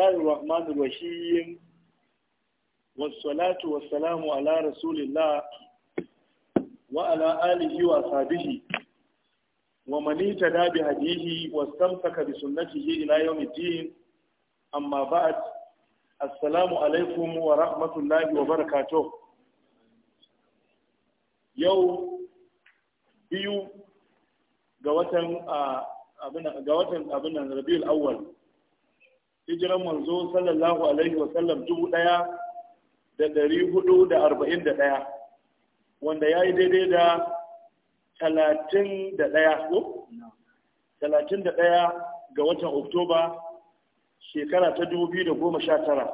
الله الرحمن الرحيم والصلاة والسلام على رسول الله وعلى آله وصحبه ومن اهتدى بهديه واستمسك بسنته إلى يوم الدين أما بعد السلام عليكم ورحمة الله وبركاته يوم biyu ga watan abinan rabiul awwal hijiran manzo sallallahu alaihi wa sallam dubu ɗaya da ɗari hudu da arba'in da ɗaya wanda ya yi daidai da talatin da ɗaya ko? talatin da ɗaya ga watan oktoba shekara ta dubu biyu da goma sha tara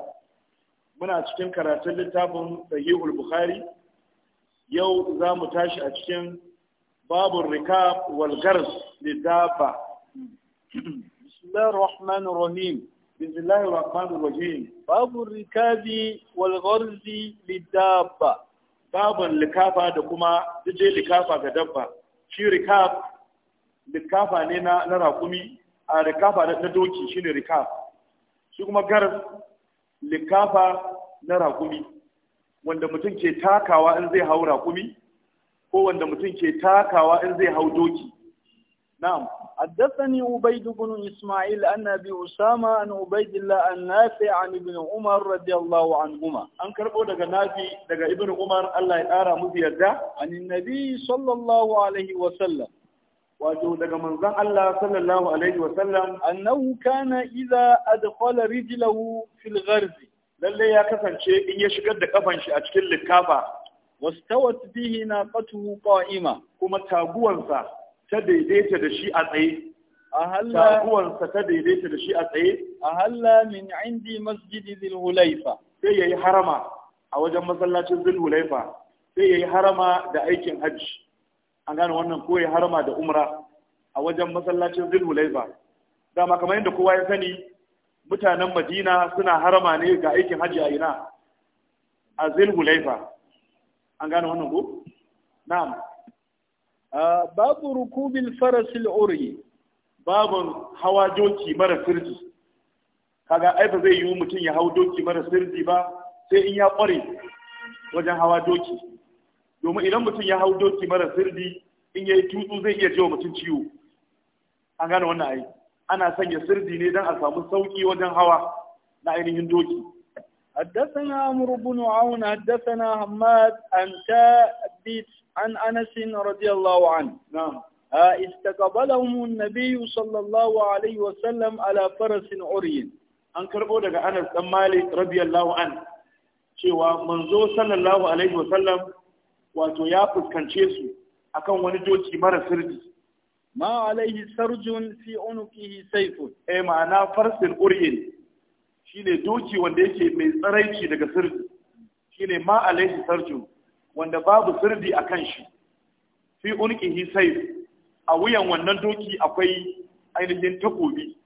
muna cikin karatun littafin sahihul bukhari yau za mu tashi a cikin babun rika Walgar's da daba bismillahir rahmanir rahim بسم الله الرحمن الرحيم باب الركاب والغرز للدابة باب لكافة دكما تجي لكافة كدبة شي ركاب لكافة لنا نرى كمي ركافة ندوكي شي ركاب shi كما garas likafa na rakumi wanda mutum ke takawa in zai hau rakumi ko wanda كي ke takawa زي zai hau نعم حدثني عبيد بن إسماعيل أن أبي أسامة عن عبيد الله النافع عن ابن عمر رضي الله عنهما أنكر بودك نافي دك ابن عمر الله يقارى مبيدا عن النبي صلى الله عليه وسلم wato daga manzon Allah sallallahu alaihi wa sallam annahu kana idza adkhala rijlahu fil gharz lalle ya kasance in ya shigar da kafan shi a cikin likafa wastawat bihi naqatuhu qa'ima kuma taguwansa ta daidaita da shi a tsaye A halla. taguwarsa ta daidaita da shi a tsaye a halla min indi masjidi hulaifa. sai ya yi harama a wajen masallacin hulaifa. sai ya yi harama da aikin hajji an gane wannan ko ya harama da umra a wajen masallacin hulaifa. dama kamar yadda kowa ya sani mutanen madina suna harama ne ga aikin hajji a ina a hulaifa. an gane wannan ko na'am babu rukubin farasil uri babu hawa doki mara sirri kaga ai ba zai yi mutum ya hau doki mara sirri ba sai in ya kware wajen hawa doki domin idan mutum ya hau doki mara sirri in yayi tutsu zai iya jiwa mutum ciwo an gane wannan ai ana sanya sirri ne don a samu sauki wajen hawa na ainihin doki حدثنا عمرو بن عون حدثنا حماد عن ثابت An أنس رضي الله عنه نعم استقبلهم النبي صلى الله عليه an karɓo daga Anas ɗan Malik radiyallahu an cewa manzo sallallahu alaihi wasallam wato ya fuskance su akan wani doki mara sirri ma alaihi sarjun fi unuqihi sayfun eh ma'ana farsin uryin shine doki wanda yake mai tsaraici daga sirri shine ma alaihi sarjun wanda babu sirdi a kan shi fi unqihi sai a wuyan wannan doki akwai ainihin takobi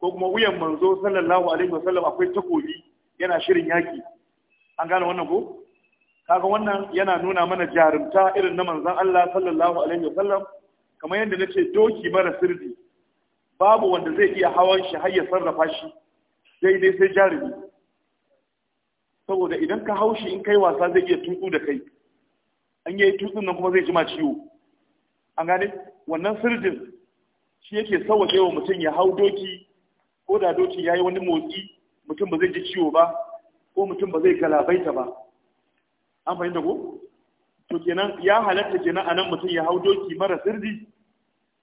ko kuma wuyan manzo sallallahu alaihi wasallam akwai takobi yana shirin yaki an gane wannan ko kaga wannan yana nuna mana jarumta irin na manzon Allah sallallahu alaihi wasallam kamar yadda nace doki mara sirri babu wanda zai iya hawan shi har ya sarrafa shi daidai sai jarumi saboda idan ka haushi in kai wasa zai iya tuku da kai an yi tutsun nan kuma zai ji ciwo an gane wannan sirdin shi yake sauwaƙe wa mutum ya hau doki ko da doki ya yi wani motsi mutum ba zai ji ciwo ba ko mutum ba zai galabaita ba an fahimta ko to kenan ya halatta kenan a nan mutum ya hau doki mara sirdi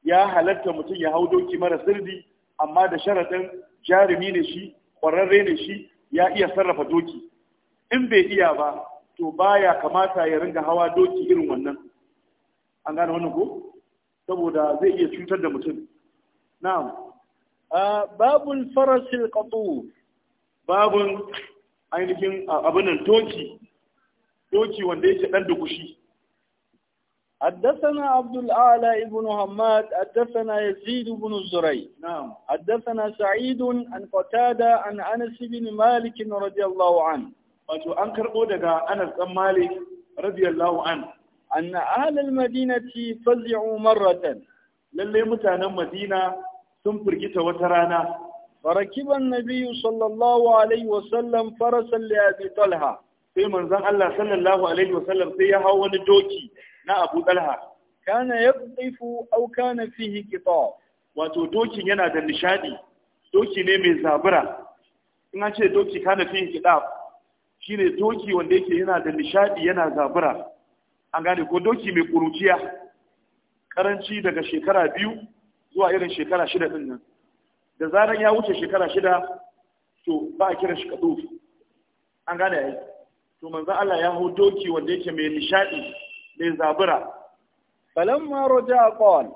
ya halatta mutum ya hau doki mara sirdi amma da sharaɗin jarumi ne shi ƙwararre ne shi ya iya sarrafa doki in bai iya ba to baya kamata ya ringa hawa doki irin wannan an gane wannan ko saboda zai iya cutar da mutum na'am babul farasil qatu babun ainihin abinan doki doki wanda yake dan dukushi حدثنا عبد الأعلى بن حماد حدثنا يزيد بن الزري نعم حدثنا سعيد عن قتادة عن أنس بن مالك رضي الله عنه wato an karɓo daga Anas ɗan Malik radiyallahu an anna ahlul madinati fazi'u marratan lalle mutanen Madina sun firgita wata rana farakiban nabiyyu sallallahu alaihi wa sallam farasan li abi talha sai manzon Allah sallallahu alaihi wa sallam sai ya hawo wani doki na Abu Talha kana yaqdifu aw kana fihi qita wato dokin yana da nishadi doki ne mai zabura in an ce doki kana fihi qita shine doki wanda yake yana da nishadi yana zabura an gane ko doki mai kuruciya karanci daga shekara biyu zuwa irin shekara shida din nan da zaran ya wuce shekara shida to ba a kiran shi kaduf an gane ai to manzo Allah ya hau doki wanda yake mai nishadi mai zabura falamma raja qawl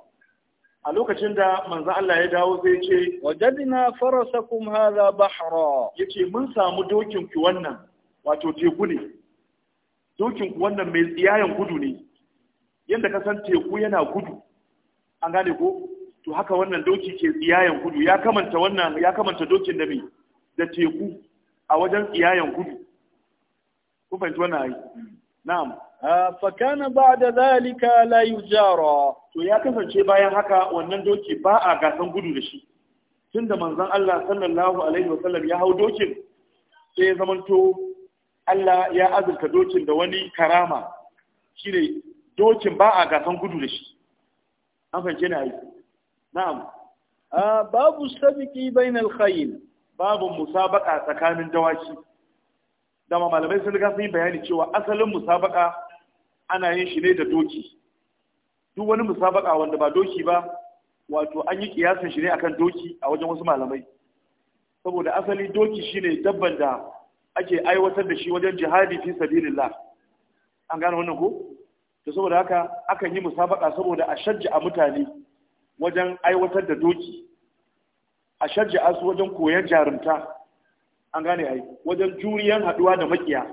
a lokacin da manzo Allah ya dawo sai ce wajadna farasakum hadha bahra yace mun samu dokin ki wannan wato teku ne dokin wannan mai tsiyayen gudu ne yadda ka san teku yana gudu an gane ko to haka wannan doki ke tsiyayen gudu ya kamanta wannan ya kamanta dokin da mai da teku a wajen tsiyayen gudu ku fahimci wannan ai na'am fa kana ba'da zalika la yujara to ya kasance bayan haka wannan doki ba a gasan gudu da shi tunda manzon Allah sallallahu alaihi wasallam ya hau dokin sai ya zamanto Allah ya azurta dokin da wani karama shi ne dokin ba a gasan gudu da shi an fahimci na yi na'am babu sabiki bainal khayl babu musabaka tsakanin dawaki dama malamai sun riga yi bayani cewa asalin musabaka ana yin shi ne da doki duk wani musabaka wanda ba doki ba wato an yi kiyasin shi ne akan doki a wajen wasu malamai saboda asali doki shine dabban da ake aiwatar da shi wajen jihadi fi sabilillah an gane wannan ko to saboda haka akan yi musabaka saboda a shajja mutane wajen aiwatar da doki a shajja su wajen koyon jarumta an gane ai wajen juriyan haduwa da makiya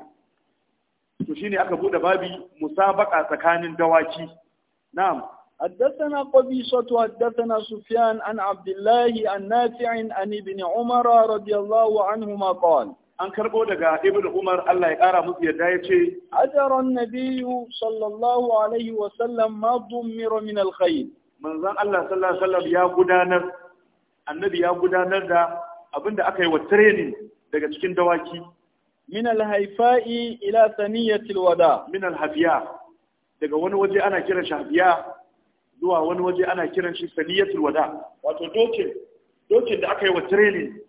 to shine aka bude babi musabaka tsakanin dawaki na'am حدثنا قبيصة حدثنا سفيان عن عبد الله عن نافع عن ابن عمر رضي الله عنهما قال an karbo daga ibn umar Allah ya kara musu yadda ya ce ajaran nabiyyu sallallahu alaihi wa sallam ma dummira min alkhair manzon Allah sallallahu alaihi wasallam ya gudanar annabi ya gudanar da abinda aka yi wa training daga cikin dawaki min alhaifa'i ila saniyati alwada min alhafiya daga wani waje ana kiran shi hafiya zuwa wani waje ana kiran shi saniyatul wada wato dokin dokin da aka yi wa training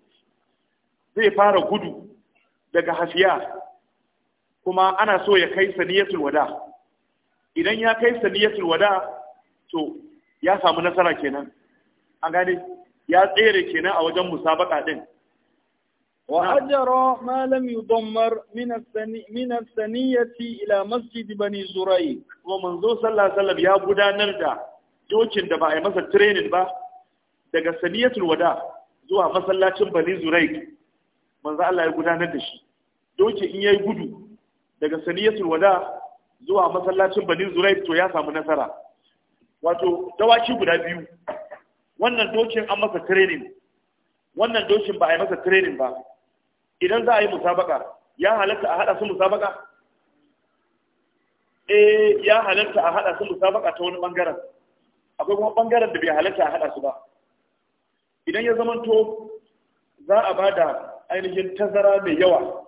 zai fara gudu daga hafiya kuma ana so ya kai saniyatul wada idan ya kai saniyatul wada to ya samu nasara kenan an gane ya tsere kenan a wajen musabaka din wa ajara ma lam yudammar min min saniyati ila masjid bani zurai kuma manzo sallallahu alaihi wasallam ya gudanar da dokin da ba a yi masa training ba daga saniyatul wada zuwa masallacin bani zurai manzo Allah ya gudanar da shi doki in yayi gudu daga saniyatul wada zuwa masallacin bani zuraib to ya samu nasara wato dawaki guda biyu wannan dokin an masa training wannan dokin ba a yi masa training ba idan za a yi musabaka ya halatta a hada su musabaka eh ya halatta a hada su musabaka ta wani bangaren akwai kuma bangaren da bai halatta a hada su ba idan ya zamanto za a bada ainihin tazara mai yawa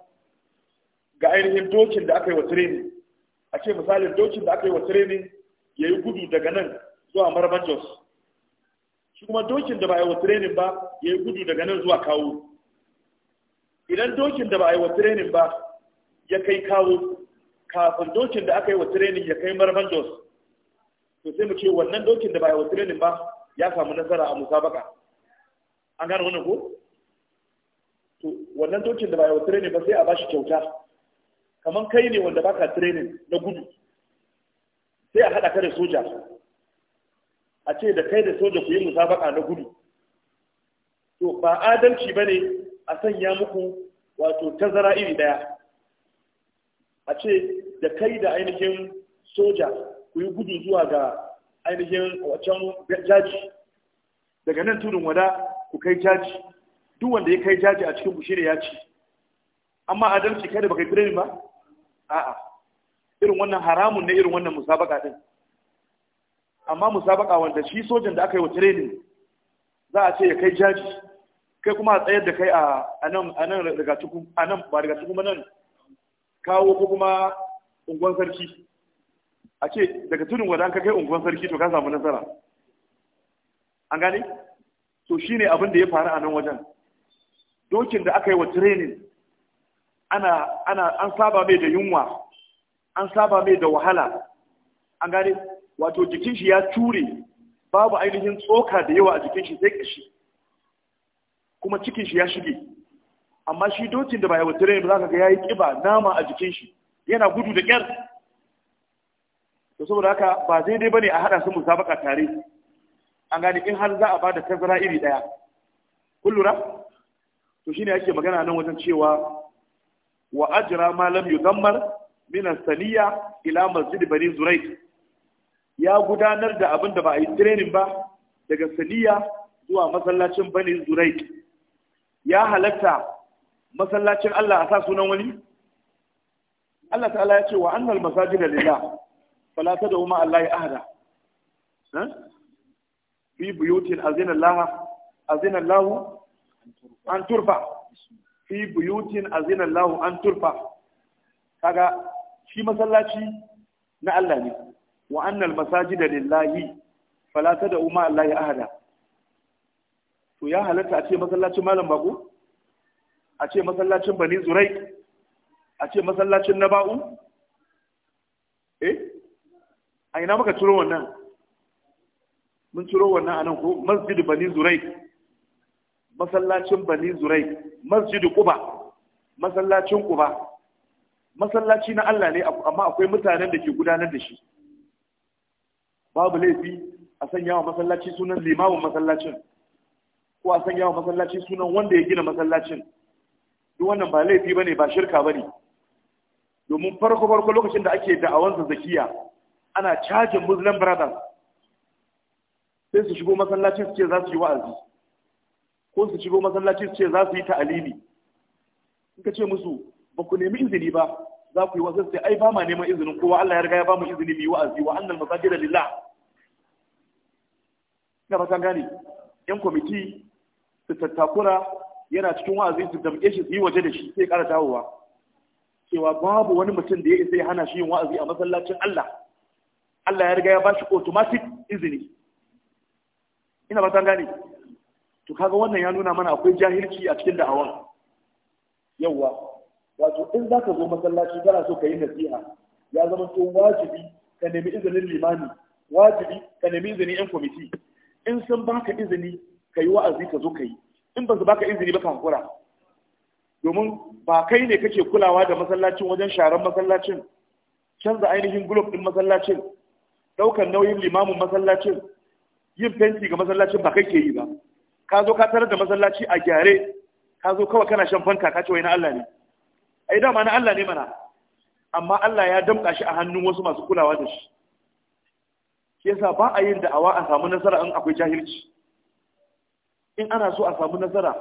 ga ainihin dokin da aka yi wa training a ce misalin dokin da aka yi wa training ya yi gudu daga nan zuwa marabar jos shi kuma dokin da ba a yi wa training ba ya yi gudu daga nan zuwa kawo idan dokin da ba a yi wa training ba ya kai kawo kafin dokin da aka yi wa training ya kai marabar jos to sai mu ce wannan dokin da ba a yi wa training ba ya samu nasara a musabaka an gane wannan ko to wannan dokin da ba a yi wa training ba sai a bashi kyauta kamar kai ne wanda baka training na gudu sai a haɗa ka da soja a ce da kai da soja ku yi musabaka na gudu to ba adalci ba ne a sanya muku wato tazara iri ɗaya a ce da kai da ainihin soja ku yi gudu zuwa ga ainihin wacan jaji daga nan tudun wada ku kai jaji duk wanda ya kai jaji a cikin bushe ya ci amma adalci kai da baka yi training ba a'a irin wannan haramun ne irin wannan musabaka din amma musabaka wanda shi sojan da aka yi wa training za a ce ya kai jaji kai kuma a tsayar da kai a nan a nan cikin a nan ba daga cikin nan kawo ko kuma unguwan sarki a ce daga tunin wadan ka kai unguwan sarki to ka samu nasara an gane to shine abin da ya faru a nan wajen dokin da aka yi wa training ana ana an saba mai da yunwa an saba mai da wahala an gane wato jikin shi ya ture babu ainihin tsoka da yawa a jikin shi sai kashi kuma cikin shi ya shige amma shi dokin da ba ya wuce rai ba zaka ga yayi kiba nama a jikin shi yana gudu da kyar to saboda haka ba daidai bane a hada su musabaka tare an gane in har za a ba da tazara iri daya kun lura to shine yake magana nan wajen cewa wa ajra ma lam yudammar min saniya ila masjid bani zuraid ya gudanar da abin da ba a yi training ba daga saniya zuwa masallacin bani zuraid ya halatta masallacin Allah a sa sunan wani Allah ta'ala ya ce wa annal masajid lillah fala tad'u ma Allah ahada fi buyutin azina Allah azina Allah an turfa fi buyutin azina Allah an turfa kaga shi masallaci na Allah ne wa annal masajida lillahi fala tad'u ma Allah ahada to ya halatta a ce masallacin malam bako a ce masallacin bani zurai a ce masallacin naba'u eh a ina muka ciro wannan mun ciro wannan anan ko masjid bani zurai masallacin bani zurai masjidu kuba masallacin kuba masallaci na Allah ne amma akwai mutanen da ke gudanar da shi babu laifi a sanya wa masallaci sunan limamin masallacin ko a sanya wa masallaci sunan wanda ya gina masallacin duk wannan ba laifi bane ba shirka bane domin farko farko lokacin da ake da'awan zakiya ana cajin muslim brothers sai su shigo masallaci su ce za su yi wa'azi ko su shigo masallaci su ce za su yi ta'alili in ka ce musu ba ku nemi izini ba za ku yi wasu sai ai ba ma neman izinin kowa Allah ya riga ya ba mu izini mu yi wa'azi wa annal masajid lillah ina fatan gane yan kwamiti su tattakura yana cikin wa'azi su damke shi su yi waje da shi sai ƙara dawowa cewa babu wani mutum da ya isa ya hana shi yin wa'azi a masallacin Allah Allah ya riga ya ba shi automatic izini ina fatan gane to kaga wannan ya nuna mana akwai jahilci a cikin da'awa yawwa wato in za ka zo masallaci kana so ka yi nasiha ya zama to wajibi ka nemi izinin limami wajibi ka nemi izinin yan kwamiti in sun baka izini ka yi wa'azi ka zo ka yi in ba su baka izini ba ka hakura domin ba kai ne kake kulawa da masallacin wajen sharan masallacin canza ainihin gulob din masallacin ɗaukar nauyin limamin masallacin yin fenti ga masallacin ba kai ke yi ba ka zo ka tarar da masallaci a gyare ka zo kawai kana shan fanka ka ce wai na Allah ne ai dama na Allah ne mana amma Allah ya damka shi a hannun wasu masu kulawa da shi shi yasa ba a yin da'awa a samu nasara in akwai jahilci in ana so a samu nasara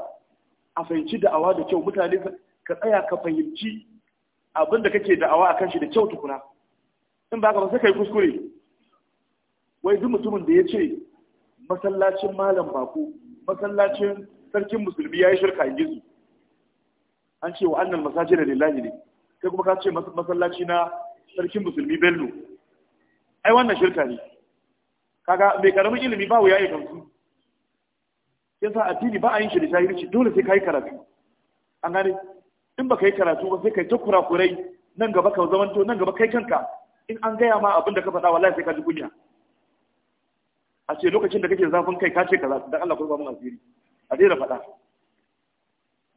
a fahimci da'awa da kyau mutane ka tsaya ka fahimci abin da kake da'awa a kan da kyau tukuna in ba ka ba sai kai kuskure wai duk mutumin da ya ce masallacin malam bako masallacin sarkin musulmi ya yi shirka in gizo an ce wa annan da lillahi ne sai kuma ka ce masallaci na sarkin musulmi bello ai wannan shirka ne kaga mai karamin ilimi ba wuya ya ya sa addini ba a yin shi da shahirci dole sai ka yi karatu an gane in baka yi karatu ba sai kai ta kurakurai nan gaba ka zama to nan gaba kai kanka in an gaya ma abin da ka faɗa wallahi sai ka ji kunya a ce lokacin da kake zafin kai ka ce kaza dan Allah kurba mun asiri a da faɗa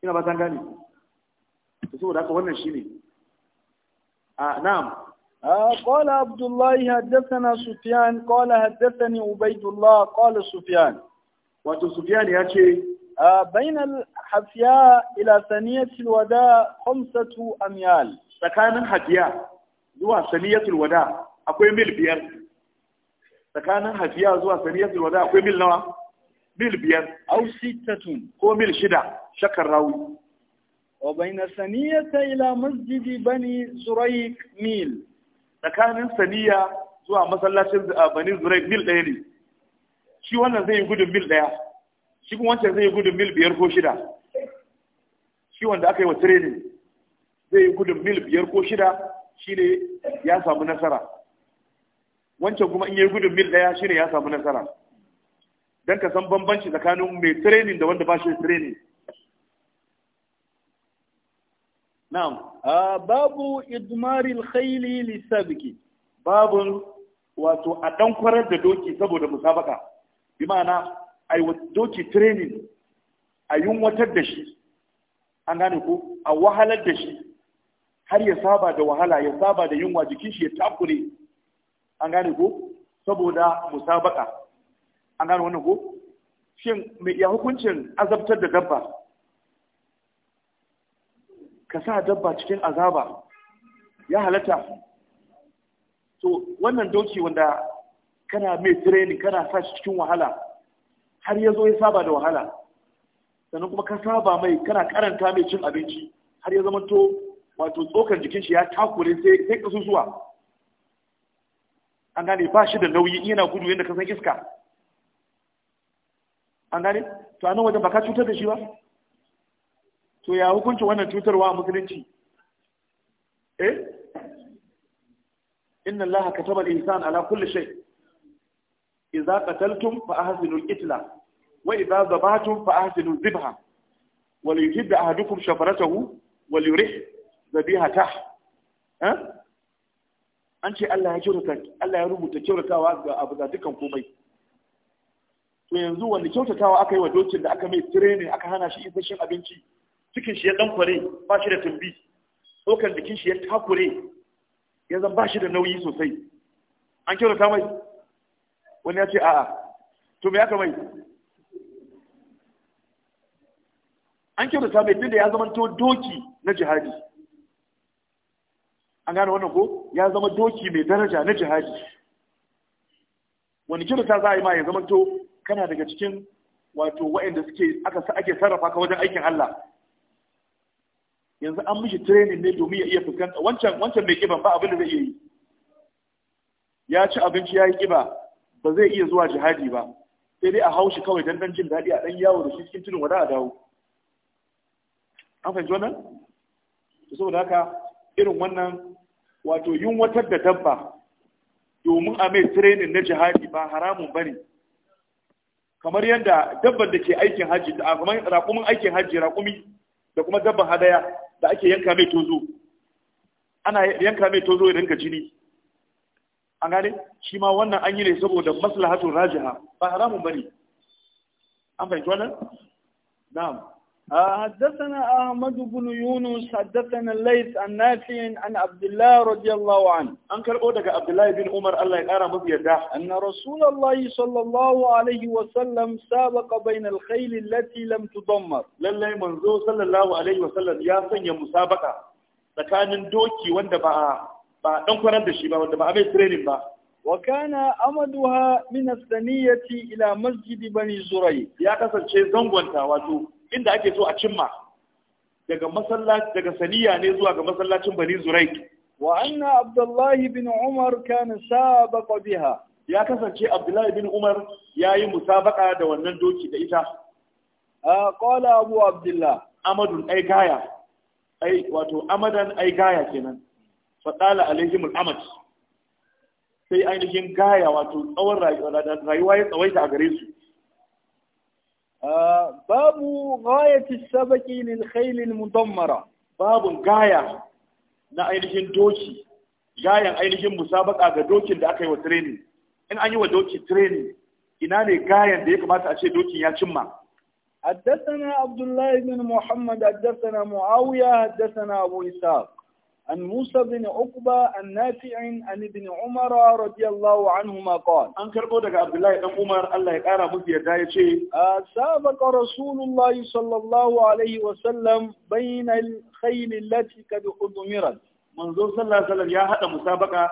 ina ba san gani to saboda haka wannan shine a na'am قال عبد الله حدثنا سفيان قال حدثني عبيد الله قال سفيان وتو سفيان يا شيء بين الحفياء إلى ثانية الوداع خمسة أميال سكان الحفياء zuwa saniyar wada akwai mil biyar tsakanin hajiya zuwa sariyatul wada akwai mil nawa mil biyar aw sittatun ko mil shida shakar rawi wa bayna saniyata ila masjidi bani zuraik mil tsakanin saniya zuwa masallacin bani zuraik mil ɗaya ne shi wannan zai yi gudun mil ɗaya shi kuma wancan zai yi gudun mil biyar ko shida shi wanda aka yi wa training zai yi gudun mil biyar ko shida shi ne ya samu nasara wancan kuma in yi gudun mil ɗaya shi ne ya samu nasara don ka san bambanci tsakanin mai training da wanda ba shi training na'am babu idmaril khayli biki. babun wato a dan kwarar da doki saboda musabaka bi ma'ana ai doki training a yunwatar da shi an gane ko a wahalar da shi har ya saba da wahala ya saba da yunwa jikin shi ya takure an gane ko saboda musabaka an gane wannan ko shin mai iya hukuncin azabtar da dabba ka sa dabba cikin azaba ya halatta to wannan doki wanda kana mai training kana sa shi cikin wahala har ya zo ya saba da wahala sannan kuma ka saba mai kana karanta mai cin abinci har ya zama to wato tsokar jikin shi ya takure sai sai kasusuwa an gane ba shi da nauyi yana gudu yadda ka san iska an gane to a nan wajen ba ka cutar da shi ba to ya hukunci wannan cutarwa a musulunci eh inna Allah ka al-insan ala kulli shay idza qataltum fa ahsinu al-qitla wa idza zabahtum fa ahsinu al-zibha wa yujid ahadukum shafaratahu wa liyurih zabihatahu ha eh? an ce Allah ya kyautata Allah ya rubuta kyautatawa ga abu da dukan komai to yanzu wanda kyautatawa aka yi wa dokin da aka mai training aka hana shi isasshen abinci cikin shi ya dan kware ba shi da tumbi dokan jikin shi ya takure ya zan ba shi da nauyi sosai an kyautata mai wani ya ce a'a to me aka mai an kyautata mai tunda ya zama to doki na jihadi an gane wannan ko ya zama doki mai daraja na jihadi wani kirta za a yi ma ya zama to kana daga cikin wato wa'anda suke aka sa ake sarrafa ka wajen aikin Allah yanzu an mishi training ne domin ya iya fuskanta wancan wancan mai kiban ba abin da zai iya yi ya ci abinci ya yi kiba ba zai iya zuwa jihadi ba sai dai a haushi kawai dan dan jin daɗi a dan yawo da shi cikin tunin wada a dawo an fahimci wannan saboda haka irin wannan wato yin wata da dabba domin a mai training na jihadi ba haramun bane kamar yadda dabban da ke aikin hajji da kuma raƙumin aikin hajji raƙumi da kuma dabban hadaya da ake yanka mai tozo ana yanka mai tozo ya rinka jini an gane shi ma wannan an yi ne saboda maslahatun rajiha ba haramun bane an fahimci wannan na'am حدثنا أحمد بن يونس حدثنا الليث عن نافع عن عبد الله رضي الله عنه أنكر أودك عبد الله بن عمر الله يقرأ مبيدا أن رسول الله صلى الله عليه وسلم سابق بين الخيل التي لم تدمر لله منزو صلى الله عليه وسلم يا سنيا مسابقة tsakanin doki wanda ba ba dan kwanar da shi ba wanda ba a mai training ba وكان أمدها من الثانية إلى مسجد بني زري يا كسر شيء زنقنتا واتو inda ake so a cimma daga masallaci daga saniya ne zuwa ga masallacin bani zuraik wa anna abdullahi bin umar kana sabaqa biha ya kasance abdullahi bin umar yayi musabaka da wannan doki da ita qala abu abdullah amadun ai gaya ai wato amadan ai gaya kenan fa qala alaihim al-amad sai ainihin gaya wato tsawon rayuwa ya tsawaita a gare su babu gayati sabaki lil khayl mudammara babu gaya na ainihin doki gayan ainihin musabaka ga dokin da aka yi wa training in an yi wa doki training ina ne gayan da ya kamata a ce dokin ya cimma حدثنا عبد الله بن محمد حدثنا معاوية حدثنا أبو إسحاق عن موسى بن عقبة عن نافع عن ابن عمر رضي الله عنهما قال أن كربو دك عبد الله بن عمر الله يقرأ مزي يداية سابق رسول الله صلى الله عليه وسلم بين الخيل التي قد أضمرت منذ صلى الله عليه وسلم يا هذا مسابقة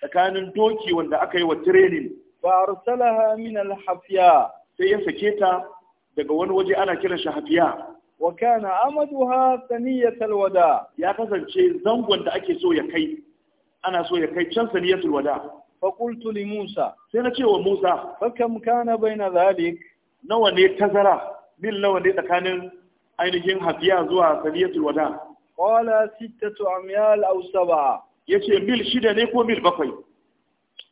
tsakanin doki wanda aka yi wa training fa arsalaha min al-hafiya sai ya sake ta daga wani waje ana kiran shi hafiya wa kana amaduha saniyatul wada ya kasance zangon da ake so ya kai ana so ya kai can saniyatul wada fa qultu li Musa sai na ce wa Musa fa kam kana baina zalik nawa ne tazara mil nawa ne tsakanin ainihin hafiya zuwa saniyatul wada qala sittatu amyal aw sab'a yace mil shida ne ko mil bakwai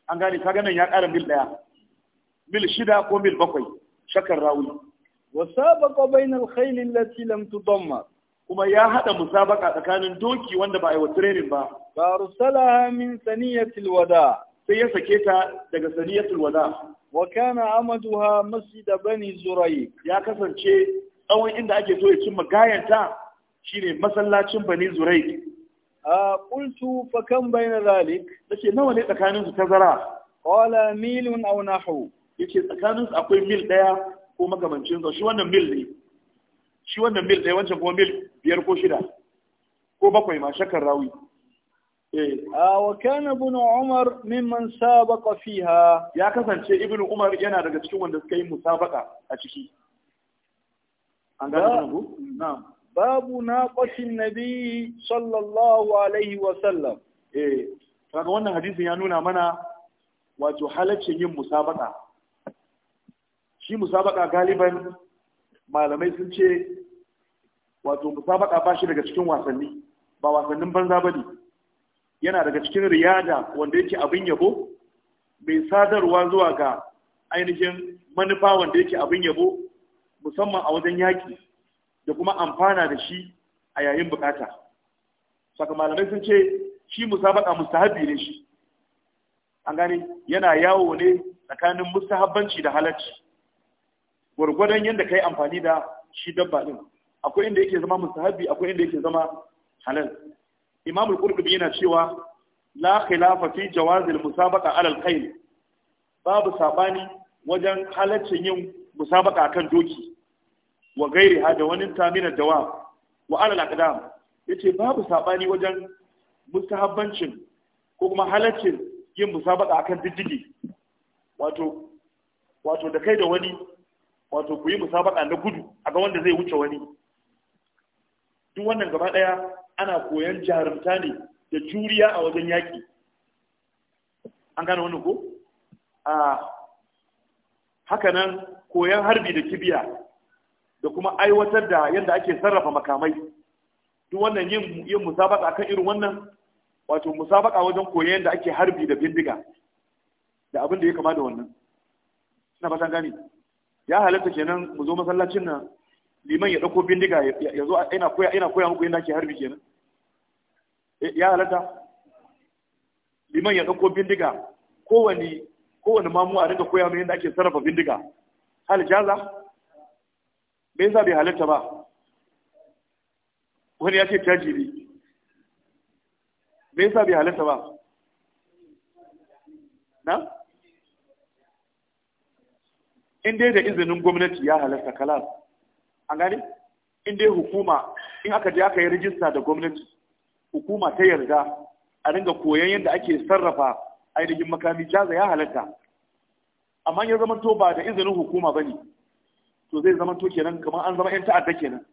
an gane kaga nan ya ƙara mil daya mil shida ko mil bakwai shakar rawi wa sabaqa bainal khayl allati lam kuma ya hada musabaka tsakanin doki wanda ba a yi wa tirenin ba fa rusalaha min saniyatil wada sai ya sake ta daga saniyatul wada wa kana amaduha masjid bani zurai ya kasance tsawon inda ake so ya cimma gayanta shine masallacin bani zurai a qultu fa kam bayna zalik dace nawa ne tsakanin su tazara qala milun aw nahu yace tsakanin su akwai mil daya ko magamancin shi wannan mil ne shi wannan mil ɗaya wancan kuma mil biyar ko shida ko bakwai ma shakar rawi eh. a wa kana ibn umar mimman sabaqa fiha ya kasance ibn umar yana daga cikin wanda suka yi musabaka a ciki an gane ku na'am babu naqashin nabi sallallahu alaihi wa sallam eh kaga wannan hadisin ya nuna mana wato halaccin yin musabaka shi musabaka galiban malamai sun ce wato musabaka ba shi daga cikin wasanni ba wasannin banza ba ne yana daga cikin riyada wanda yake abin yabo mai sadarwa zuwa ga ainihin manufa wanda yake abin yabo musamman a wajen yaƙi da kuma amfana da shi a yayin bukata saka malamai sun ce shi musabaka mustahabi ne shi an gane yana yawo ne tsakanin mustahabbanci da halacci gwargwadon yadda ka yi amfani da shi dabba ɗin akwai inda yake zama mustahabi akwai inda yake zama halal imamul qurtubi yana cewa la khilafa fi jawazil musabaqa alal khayl babu sabani wajen halaccin yin musabaqa kan doki wa gairi ha da wani tamina dawa wa alal aqdam yace babu sabani wajen mustahabbancin ko kuma halaccin yin musabaqa akan diddigi wato wato da kai da wani wato ku yi musabaka na gudu a ga wanda zai wuce wani duk wannan gaba ɗaya ana koyan jarumta ne da juriya a wajen yaƙi an gane wannan ko a haka nan koyan harbi da kibiya da kuma aiwatar da yadda ake sarrafa makamai duk wannan yin yin musabaka akan irin wannan wato musabaka wajen koyan yadda ake harbi da bindiga da abin da ya kama da wannan ina san gani ya halatta kenan mu zo masallacin nan liman ya dauko bindiga ya zo ina koya ina koya muku yadda ake harbi kenan eh, ya halatta liman ya dauko bindiga kowani kowani mamu a rinka koya mai yadda ake sarrafa bindiga hal jaza me yasa bai halatta ba wani ya ce tajiri me yasa bai halatta ba na in dai da izinin gwamnati ya halarta kalas an gane in dai hukuma in aka je aka yi rijista da gwamnati hukuma ta yarda a ringa koyon yadda ake sarrafa ainihin makami jaza ya halarta amma ya zama to ba da izinin hukuma ba ne to zai zama to kenan kamar an zama 'yan ta'adda kenan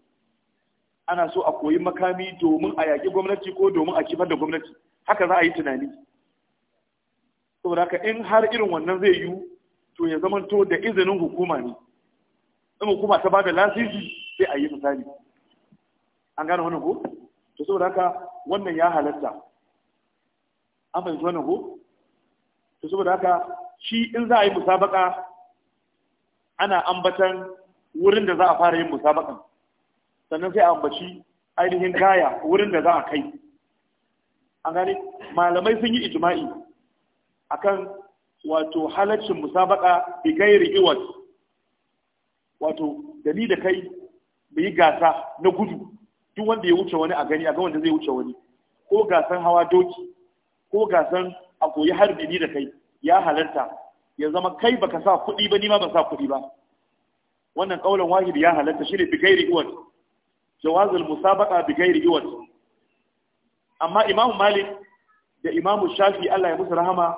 ana so a koyi makami domin a yaƙi gwamnati ko domin a kifar da gwamnati haka za a yi tunani saboda haka in har irin wannan zai yiwu to ya to da izinin hukuma ne in hukuma ta bada lasisi sai a yi misali an gane wannan ko to saboda haka wannan ya halatta an fahimci wannan ko to saboda haka shi in za a yi musabaka ana ambatan wurin da za a fara yin musabakan sannan sai a ambaci ainihin kaya wurin da za a kai an gane malamai sun yi ijma'i akan wato halaccin musabaka bi gairi iwas wato da ni da kai mu yi gasa na gudu duk wanda ya wuce wani a gani a ga wanda zai wuce wani ko gasan hawa doki ko gasan a koyi harbi ni da kai ya halarta ya zama kai baka sa kuɗi ba ni ma ban sa kuɗi ba wannan kaulan wahid ya halarta shine bi gairi iwas jawazul musabaka bi gairi iwas amma imamu malik da imamu shafi Allah ya musu rahama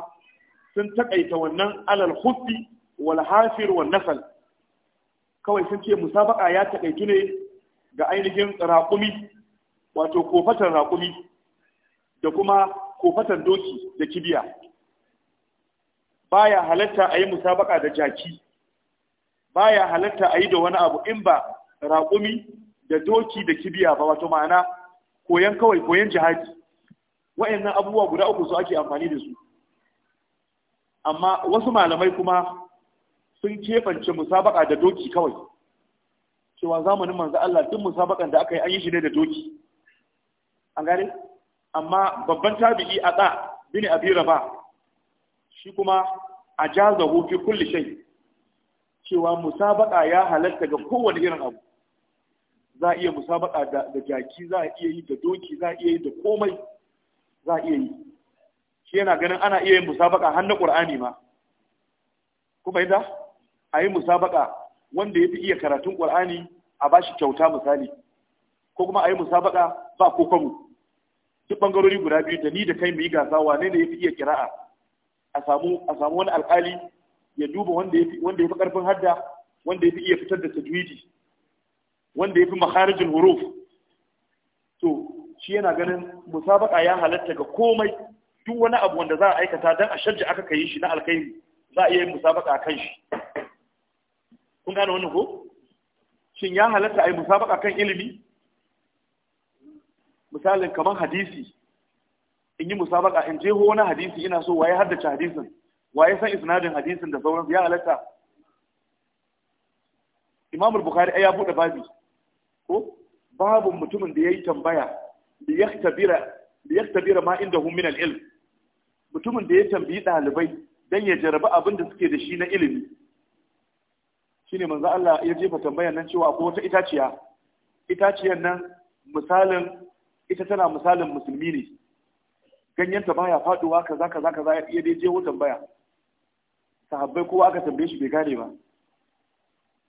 sun takaita wannan alal khuffi wal hafir wal nafal kawai sun ce musabaka ya takaitu ne ga ainihin raƙumi wato kofatan raƙumi da kuma kofatan doki da kibiya baya halatta a yi musabaka da jaki baya halatta a yi da wani abu in ba raƙumi da doki da kibiya ba wato ma'ana koyan kawai koyan jihadi wa'annan abubuwa guda uku su ake amfani da su amma wasu malamai kuma sun kefance musabaka da doki kawai cewa zamanin manzo Allah duk musabakan da aka yi an yi shi ne da doki an gane amma babban tabi'i a da bin abi raba shi kuma a jaza fi kulli shay cewa musabaka ya halatta ga kowane irin abu za a iya musabaka da jaki za iya yi da doki za iya yi da komai za iya yi shi yana ganin ana iya yin musabaka har na Qur'ani ma ku fahimta a yi musabaka wanda ya fi iya karatun ƙur'ani a bashi kyauta misali ko kuma a yi musabaka ba ko kwamu duk ɓangarori guda biyu da ni da kai mu yi gasa wane ne ya fi iya kira'a a samu wani alkali ya duba wanda ya fi wanda ya karfin hadda wanda ya fi iya fitar da tajwidi wanda ya fi makharijin huruf to shi yana ganin musabaka ya halatta ga komai duk wani abu wanda za a aikata don a shajja aka kai shi na alkhairi za a iya yin musabaka a kan shi kun gane wannan ko shin ya halatta a yi musabaka kan ilimi misalin kamar hadisi in yi musabaka in jeho wani hadisi ina so waye haddace hadisin waye san isnadin hadisin da sauransu ya halatta imamul bukhari ya bude babi ko babu mutumin da ya yi tambaya da ya tabira yaktabira ma indahu min al mutumin da ya tambayi ɗalibai don ya jarabi abin da suke da shi na ilimi shine manzo Allah ya jefa tambayar nan cewa akwai wata itaciya itaciyar nan misalin ita tana misalin musulmi ne ganyenta baya faduwa kaza kaza kaza ya iya je wata tambaya sahabbai kowa aka tambaye shi bai gane ba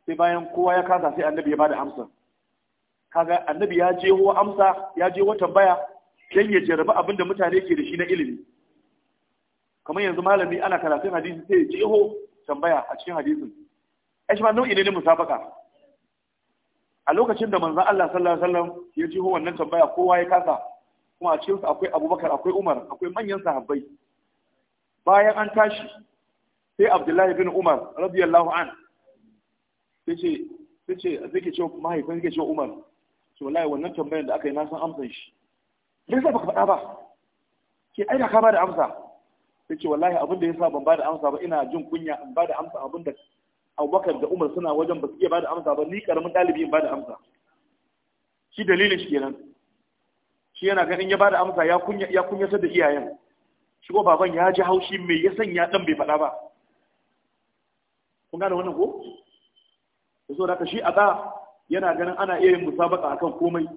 sai bayan kowa ya kasa sai annabi ya bada amsa kaga annabi ya je wa amsa ya je wa tambaya dan ya jarabi abin da mutane ke da shi na ilimi kamar yanzu malami ana karatun hadisi sai ho tambaya a cikin hadisin ai shi ma nau'i ne na musabaka a lokacin da manzon Allah sallallahu alaihi wasallam ya ho wannan tambaya kowa ya kasa kuma a cikin su akwai Abubakar akwai Umar akwai manyan sahabbai bayan an tashi sai Abdullahi bin Umar radiyallahu an sai ce sai ce zai ke ce mahaifin zai ke ce Umar to wallahi wannan tambayar da aka yi na san amsan shi bai sa baka faɗa ba ke aika ka ba da amsa sai ce wallahi abin da yasa ban bada amsa ba ina jin kunya in bada amsa abin da Abubakar da Umar suna wajen ba su iya bada amsa ba ni karamin dalibi in bada amsa shi dalilin shi kenan shi yana ganin ya bada amsa ya kunya ya kunyatar da iyayen shi ko baban ya ji haushi me ya sanya dan bai faɗa ba kun gane wannan ko so da shi a da yana ganin ana iya yin musabaka akan komai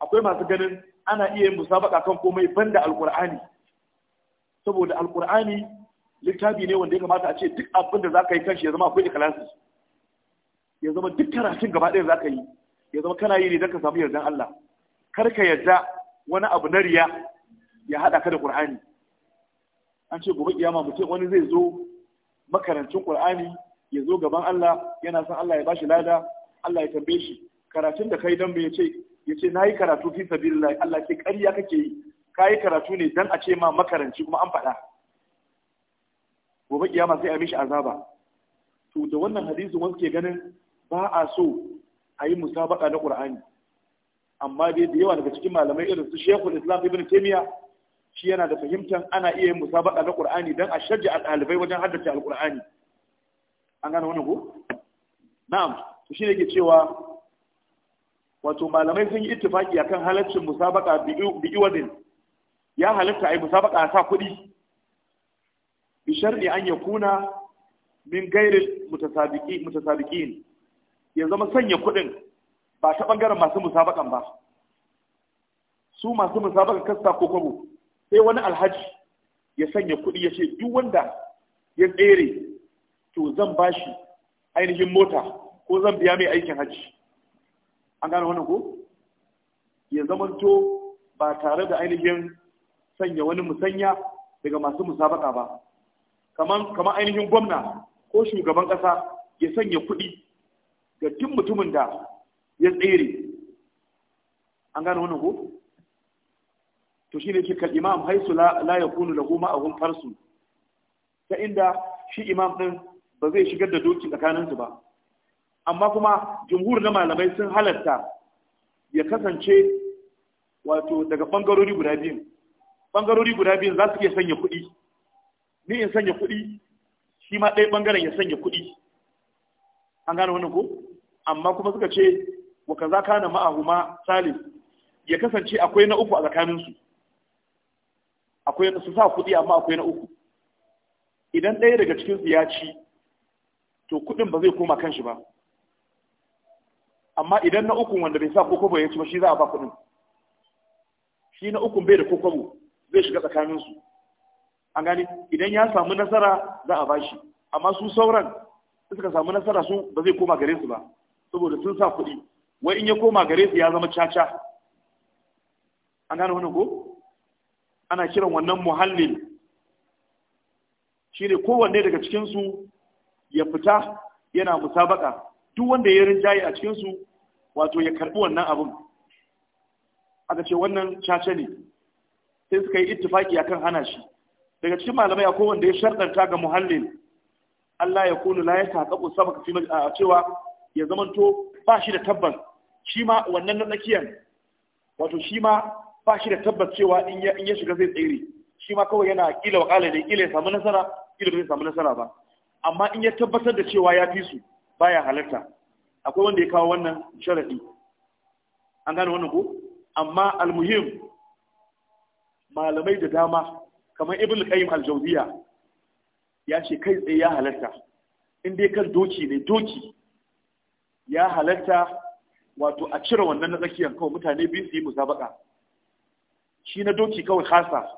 akwai masu ganin ana iya yin musabaka akan komai banda alkur'ani saboda alkur'ani littafi ne wanda ya kamata a ce duk abin da ka yi kanshi ya zama akwai ikhlasi ya zama duk karatun gaba ɗaya ka yi ya zama kana yi ne don ka samu yardan Allah kar ka yarda wani abu na riya ya haɗa ka da qur'ani an ce gobe kiyama mutum wani zai zo makarantun qur'ani ya zo gaban Allah yana son Allah ya ba shi lada Allah ya tambaye shi karatun da kai dan me yace na yi karatu fi sabilillah Allah ke ƙarya kake yi ka yi karatu ne don a ce ma makaranci kuma an faɗa gobe kiyama sai a mishi azaba to da wannan hadisi wasu ke ganin ba a so a yi musabaka na qur'ani amma dai da yawa daga cikin malamai irin su shekul islam ibn taymiya shi yana da fahimtar ana iya yin musabaka na qur'ani don a shajja ɗalibai wajen haddace al-qur'ani an gane wannan ko na'am to shi ne ke cewa wato malamai sun yi ittifaki akan halaccin musabaka bi iwadin ya halitta ai musabaka a sa kuɗi bi ne an yakuna min gairi mutasabiqin mutasabiqin ya zama sanya kuɗin ba ta bangaren masu musabakan ba su masu musabaka kasta ko kwabo sai wani alhaji ya sanya kuɗi ya ce duk wanda ya tsere to zan bashi ainihin mota ko zan biya mai aikin haji an gane wannan ko ya zamanto ba tare da ainihin sanya wani musanya daga masu musabaka ba kaman kaman ainihin gwamna ko shugaban ƙasa ya sanya kuɗi ga tun mutumin da ya tsere an gane wani ko to shine shi kal imam haisu la, la yakunu lahu ma'ahum farsu ta inda shi imam din ba zai shigar da doki tsakaninsu ba amma kuma jumhur na malamai sun halarta ya kasance wato daga ɓangarori guda biyu bangarori guda biyu za su iya sanya kuɗi ni in sanya kuɗi shi ma ɗaya bangaren ya sanya kuɗi an gane wannan ko amma kuma suka ce wa kaza kana ma salis ya kasance akwai na uku a tsakaninsu akwai su sa kuɗi amma akwai na uku idan ɗaya daga cikinsu ya ci to kuɗin ba zai koma kanshi ba amma idan na ukun wanda bai sa kokobo ya ci ba shi za a ba kuɗin shi na ukun bai da kokobo zai shiga tsakaninsu an gani idan ya samu nasara za a bashi amma su sauran suka samu nasara su ba zai koma gare su ba saboda sun sa kuɗi wai in ya koma gare su ya zama caca an gane wani ko ana kiran wannan muhallin shi ne kowanne daga cikinsu ya fita yana musabaka duk wanda ya rinjaye a cikinsu wato ya karɓi wannan abin aka ce wannan caca ne sai suka yi ittifaki akan hana shi daga cikin malamai akwai wanda ya sharɗanta ga muhallin, Allah ya kunu la ya taƙaƙo sabaka fi a cewa ya zamanto ba shi da tabbas shi ma wannan na tsakiyan wato shi ma ba shi da tabbas cewa in ya shiga zai tsere shi ma kawai yana kila wa kala da kila ya samu nasara kila bai zai samu nasara ba amma in ya tabbatar da cewa ya fi su baya halarta akwai wanda ya kawo wannan sharadi an gane wannan ko amma almuhim malamai da dama kamar ibn qayyim al-jawziya ya ce kai tsaye ya halatta in dai kan doki ne doki ya halatta wato a cire wannan na tsakiyar kawai mutane biyu su yi musabaka shi na doki kawai hasa,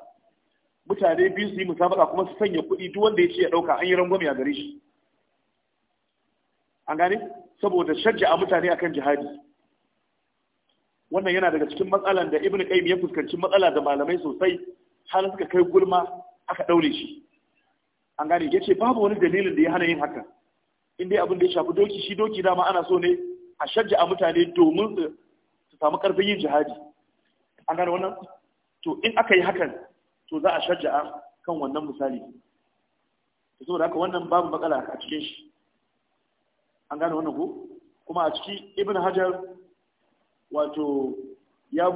mutane biyu su yi musabaka kuma su sanya kuɗi duk wanda ya ce ya ɗauka an yi rangwame a gare shi an gane saboda shajja a mutane akan jihadi wannan yana daga cikin matsalan da ibn qayyim ya fuskanci matsala da malamai sosai har suka kai gulma aka daure shi an gane yace babu wani dalilin da ya hana yin haka in dai abin da ya shafi doki shi doki dama ana so ne a shajja mutane domin su samu karfin yin jihadi an gane wannan to in aka yi hakan to za a shajja kan wannan misali saboda haka wannan babu matsala a cikin shi an gane wannan ko kuma a ciki ibn hajar wato ya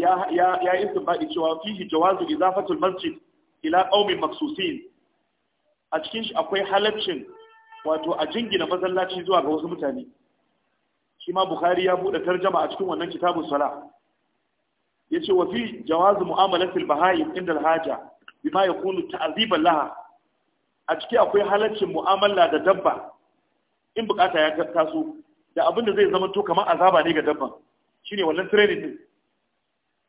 ya ya ya cewa fihi jawazu izafatul masjid ila qaumin maksusin a cikin shi akwai halaccin wato a jingina masallaci zuwa ga wasu mutane shi ma bukhari ya bude tarjama a cikin wannan kitabun sala yace wa fi jawazu mu'amalatil bahayim inda al-haja bima yakunu ta'ziban laha a ciki akwai halaccin mu'amala da dabba in bukata ya taso da abin da zai zama to kamar azaba ne ga dabban shine wannan training din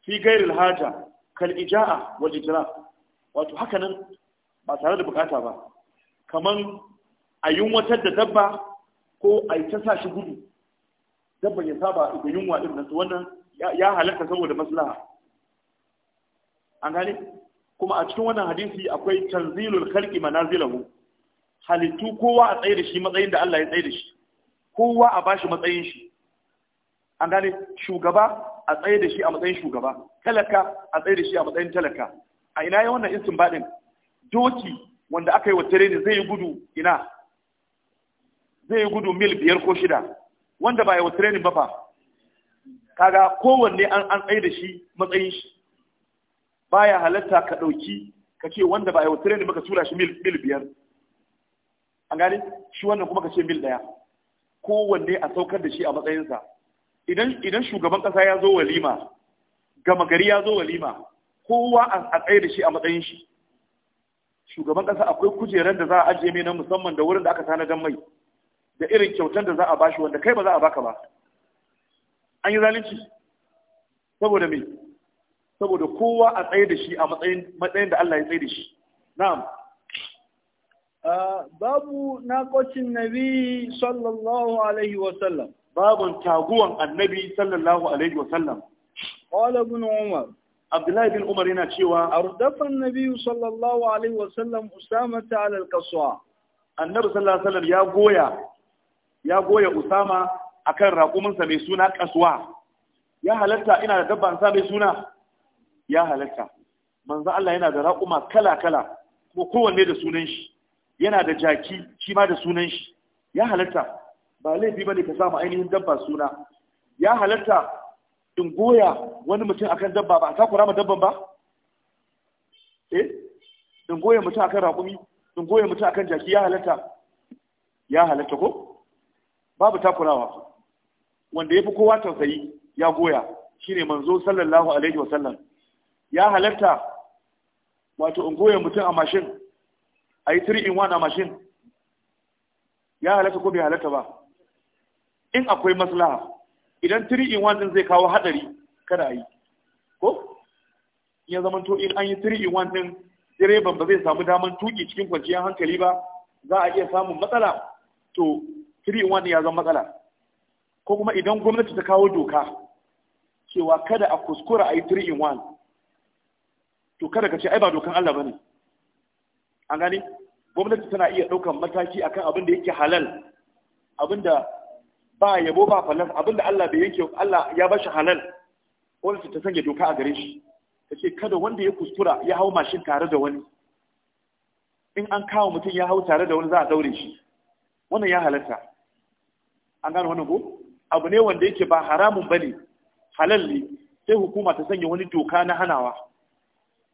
fi gairil haja kal ija'a wal ijra wato haka nan ba tare da bukata ba kaman a yunwatar da dabba ko a ta sa shi gudu dabban ya saba da yunwa din nan wannan ya halatta saboda maslaha an gane kuma a cikin wannan hadisi akwai tanzilul khalqi manazilahu halittu kowa a tsaye da shi matsayin da Allah ya tsaye da shi kowa a bashi matsayin shi an gane shugaba a tsaye da shi a matsayin shugaba talaka a tsaye da shi a matsayin talaka a ina yi wannan baɗin doki wanda aka yi wata tireni zai yi gudu ina zai yi gudu mil biyar ko shida wanda ba yi wa tireni ba fa kaga kowanne an an tsaye da shi matsayin shi baya halatta ka ɗauki ka ce wanda ba yi wa tireni ba ka tura shi mil biyar an gane shi wannan kuma ka ce mil ɗaya kowanne a saukar da shi a matsayinsa idan shugaban ƙasa ya zo walima gama gari ya zo walima kowa a tsaye da shi a matsayin shi shugaban ƙasa akwai kujerar da za a ajiye mai na musamman da wurin da aka tanadar mai da irin kyautar da za a bashi wanda kai ba za a baka ba an yi zalunci saboda me saboda kowa a tsaye da shi a matsayin da Allah ya tsaye da shi na'am ah, babu kocin nabi sallallahu alaihi wa sallam babun taguwan annabi sallallahu alaihi wa sallam qala ibn umar abdullahi bin umar yana cewa ardafa annabi sallallahu alaihi wa sallam usama ta ala annabi sallallahu alaihi wa sallam ya goya ya goya usama akan raƙuminsa mai suna kaswa ya halatta ina da dabban sa mai suna ya halatta manzo Allah yana da raƙuma kala-kala kuma kowanne da sunan shi yana da jaki shi ma da sunan shi ya halatta ba laifi ba ne ka samu ainihin dabba suna ya halatta in goya wani mutum akan dabba ba a takura ma dabban ba eh in goya mutum akan raƙumi in goya mutum akan jaki ya halatta ya halatta ko babu takurawa wanda ya fi kowa tausayi ya goya shine manzo sallallahu alaihi wa sallam ya halatta wato in goya mutum a mashin a yi 3 in 1 a mashin ya halatta ko bai halatta ba in akwai maslaha idan 3 in 1 din zai kawo hadari kada yi ko ya zama to in an yi 3 in 1 din direban ba zai samu daman tuki cikin kwanciyar hankali ba za a iya samun matsala to 3 in 1 ya zama matsala ko kuma idan gwamnati ta kawo doka cewa kada a kuskura a yi 3 in 1 to kada ka ce ai ba dokan Allah bane an gani gwamnati tana iya ɗaukar mataki akan abin da yake halal abin da ba yabo ba fallas abinda Allah bai yanke Allah ya bashi halal wanda ta sanya doka a gare shi ta ce kada wanda ya kuskura ya hau mashin tare da wani in an kawo mutum ya hau tare da wani za a daure shi wannan ya halatta an gano wannan ko abu ne wanda yake ba haramun bane halal ne sai hukuma ta sanya wani doka na hanawa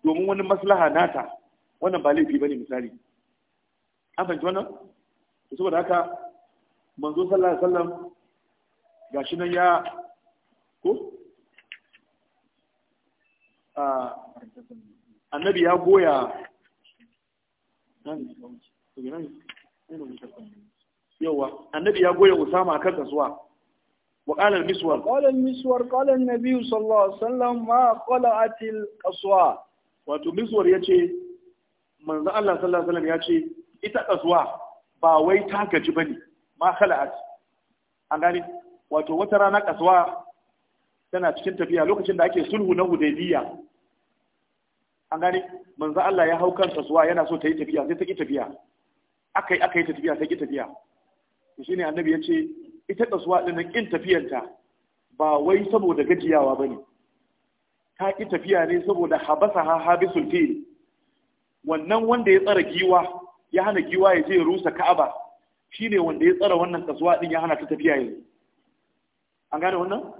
domin wani maslaha nata wannan ba laifi bane misali an fahimci wannan saboda haka manzo sallallahu alaihi wasallam shi nan ya ko annabi ya goya yawa annabi ya goya usama kan kasuwa وقال المسور قال المسور قال النبي صلى الله عليه وسلم ما خلعت القصوى wato miswar ya ce manzo Allah sallallahu ya ce ita kasuwa ba wai ta gaji bane ma khala'at gani wato wata rana kasuwa tana cikin tafiya lokacin da ake sulhu na hudaybiya an gani manzo Allah ya hau kan kasuwa yana so ta yi tafiya sai ta ki tafiya akai akai ta tafiya ta ki tafiya to shine annabi ya ce ita kasuwa din nan kin tafiyanta ba wai saboda gajiyawa bane ta ki tafiya ne saboda habasa ha habisul fil wannan wanda ya tsara giwa ya hana giwa ya je ya rusa ka'aba shine wanda ya tsara wannan kasuwa din ya hana ta tafiya yanzu an gane wannan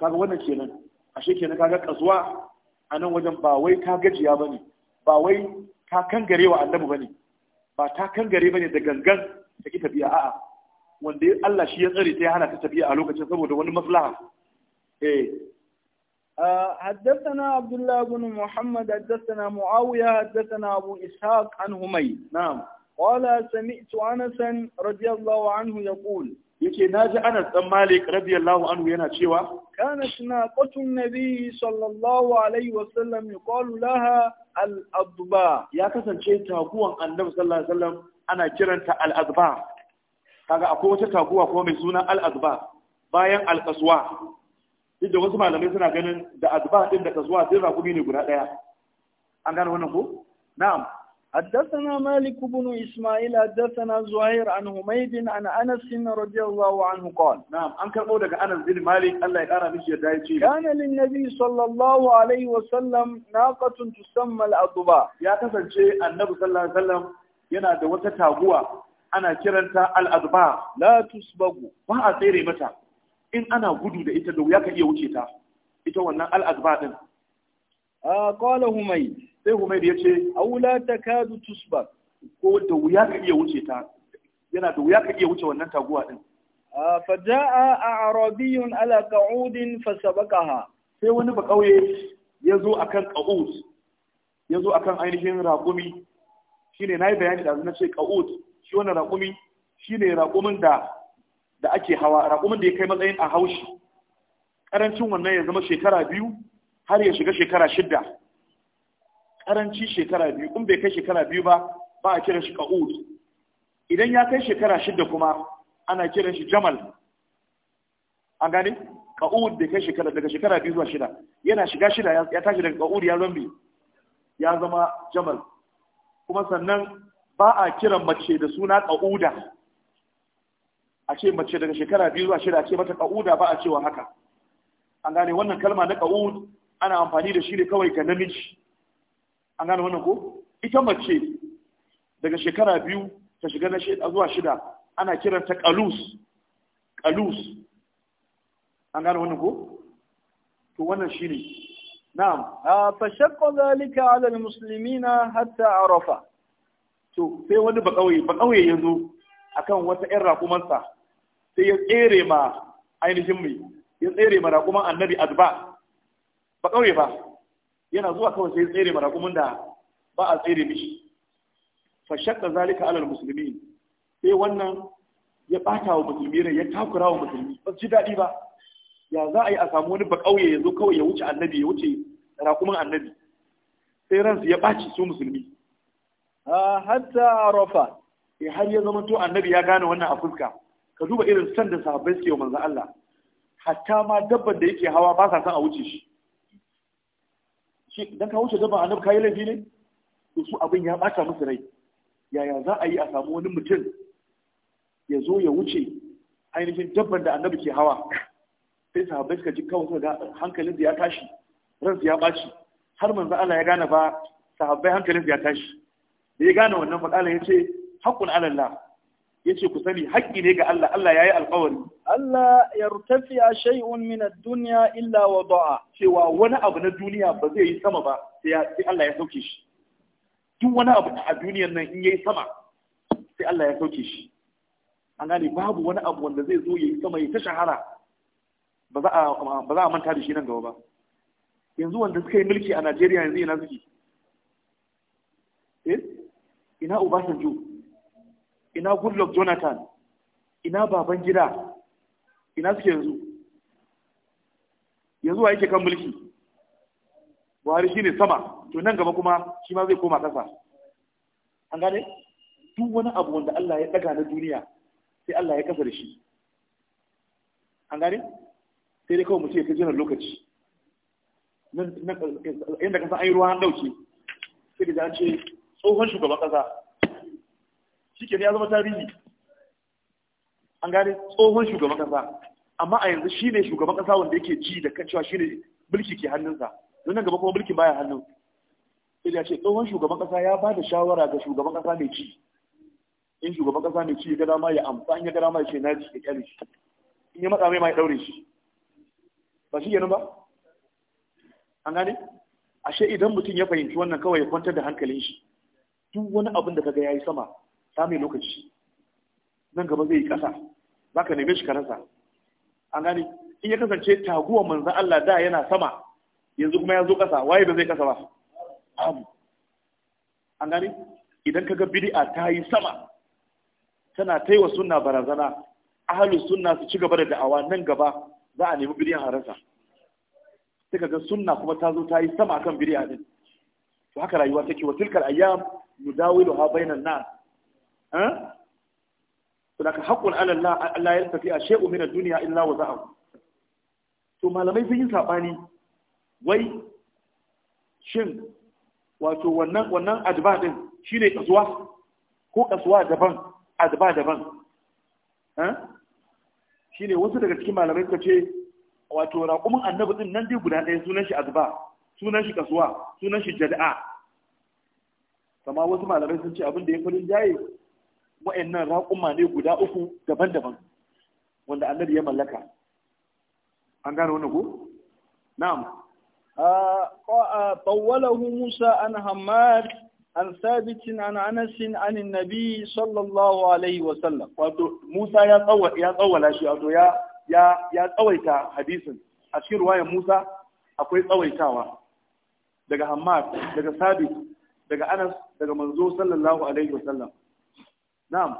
kaga wannan kenan ashe kenan kaga kasuwa a nan wajen ba wai ta gajiya bane ba wai ta kangare wa annabi bane ba ta kangare bane da gangan ta ki tafiya a'a wanda Allah shi ya tsare ta hana ta tafiya a lokacin saboda wani maslaha eh حدثنا عبد الله بن محمد حدثنا معاوية حدثنا أبو إسحاق عن همي نعم قال سمعت أنسا رضي الله عنه يقول na ji Anas dan Malik radiyallahu anhu yana cewa kana qatun nabi sallallahu alaihi wasallam yuqalu laha al-adba ya kasance taguwan annabi sallallahu alaihi wasallam ana kiranta al-adba kaga akwai wata taguwa ko mai suna al-adba bayan al-qaswa duk da wasu malamai suna ganin da adba din da qaswa din rakumi ne guda daya an gane wannan ko na'am حدثنا مالك بن إسماعيل حدثنا زهير عن هميد عن أنس رضي الله عنه قال نعم أنك قولك أنس بن مالك الله يقرأ بك يدايتي كان للنبي صلى الله عليه وسلم ناقة تسمى الأضباء يا تسل شيء النبي صلى الله عليه وسلم ينادى وتتابوة أنا كرنت الأضباء لا تسبق ما أثيري متى إن أنا قدو لإتدو ياك يوتيتا إتوانا الأضباء آه قال هميد sai Humayr ya ce aula Kadu tusba ko da wuya ka iya wuce ta yana da wuya ka iya wuce wannan taguwa din فجاء أعرابي ala قعود فسبقها sai wani ba kauye ya zo a kan ƙa'ud ya zo a kan ainihin raƙumi shi ne na yi bayani da na ce ƙa'ud shi wani raƙumi shi ne raƙumin da da ake hawa raƙumin da ya kai matsayin a haushi ƙarancin wannan ya zama shekara biyu har ya shiga shekara shidda karanci shekara biyu in bai kai shekara biyu ba ba a kiran shi ka'ud idan ya kai shekara shida kuma ana kiran shi jamal an gane ka'ud bai kai shekara daga shekara biyu zuwa shida yana shiga shida ya tashi daga ka'ud ya zambi ya zama jamal kuma sannan ba a kiran mace da suna ka'uda a ce mace daga shekara biyu zuwa shida a ce mata ka'uda ba a cewa haka an gane wannan kalma na ka'ud ana amfani da shi ne kawai ga namiji an gane wannan ko ita mace daga shekara biyu ta shiga na zuwa shida ana kiranta kalus kalus an gane wannan ko to wannan shine na'am fa shaqqa zalika ala almuslimina hatta arafa to sai wani ba ba bakawai yazo akan wata ƴan raƙumansa sai ya tsere ma ainihin mai ya tsere ma raƙuman annabi adba bakawai ba yana zuwa kawai sai tsere maraƙumin da ba a tsere mishi fa zalika alal musulmi. sai wannan ya bata wa musulmi rai ya takura wa musulmi ba ji daɗi ba ya za a yi a samu wani bakauye ya zo kawai ya wuce annabi ya wuce raƙumin annabi sai ransu ya baci su musulmi hatta arafa ya eh, har ya zama to annabi ya gane wannan a fuska ka duba irin san da sahabbai suke wa manzo Allah hatta ma dabban da yake hawa ba sa son a wuce shi shi idan ka wuce dabba annabi kayi laifi ne to su abin ya bata musu rai yaya za a yi a samu wani mutum ya zo ya wuce ainihin dabban da annabi ke hawa sai sahabbai suka ji kawai ga hankalin ya tashi ran ya baci har manzo Allah ya gane fa sahabbai hankalin ya tashi da ya gane wannan fadalan ya ce ala Allah yace ku sani haƙƙi ne ga Allah Allah yayi alƙawari Allah yartafi shay'un min ad-dunya illa wada'a cewa wani abu na duniya ba zai yi sama ba sai Allah ya sauke shi duk wani abu a duniyar nan in yayi sama sai Allah ya sauke shi an gane babu wani abu wanda zai zo yayi sama ya ta shahara ba za a ba za a manta da shi nan gaba ba yanzu wanda suka yi mulki a Najeriya yanzu ina suke eh ina Obasanjo ina goodluck jonathan ina baban gida ina suke yanzu yanzu wa yake kan mulki buhari shi ne sama to nan gaba kuma shi ma zai koma kasa an gane duk wani abu wanda allah ya daga na duniya sai allah ya kasa da shi an gane sai dai kawai mu ya kajinar lokaci inda kasa an yi ruwa an sai da ce tsohon shugaban kasa shike ya zama tarihi an gane tsohon shugaban kasa amma a yanzu shine shugaban kasa wanda yake ji da kan cewa shine mulki ke hannunsa don nan gaba kuma mulkin baya hannun sai ya ce tsohon shugaban kasa ya ba da shawara ga shugaban kasa mai ci in shugaban kasa mai ci ya gada ma ya amsa in ya gada ma ya ce na ji ya kyale shi in ya matsa mai ma ya daure shi ba shi ba an gane ashe idan mutum ya fahimci wannan kawai ya kwantar da hankalin shi duk wani abin da kaga yayi sama samun lokaci nan gaba zai yi ƙasa za ka neme shi rasa. an gani in ya kasance taguwa manzan Allah da yana sama yanzu kuma ya zo ƙasa waye ba zai ƙasa ba amu an gani idan ka ga bid'a ta yi sama tana ta yi wa sunna barazana ahalu sunna su ci gaba da da'awa nan gaba za a nemi bid'a harasa sai ka ga sunna kuma ta zo ta yi sama akan bid'a din to haka rayuwa take wa tilkal ayyam nudawiluha bainan nas to daga haƙƙun Allah Allah ya tafi a shay'un min ad-dunya illa wa za'u to malamai sun yi sabani wai shin wato wannan wannan adba din shine kasuwa ko kasuwa daban adba daban shine wasu daga cikin malamai suka ce wato raƙumin annabi din nan dai guda ɗaya sunan shi adba sunan shi kasuwa sunan shi jada'a Kamar wasu malamai sun ce abin da ya kullun jaye wa'annan raƙuma ne guda uku daban-daban wanda annabi ya mallaka an gane wani ku? na'am طوله Musa عن حماد an ثابت عن انس عن النبي صلى الله عليه وسلم موسى يا طول يا طول شيء يا يا يا طويت حديثا اشير akwai tsawaitawa daga Hammad daga Sabit daga Anas daga manzo sallallahu alaihi wasallam na'am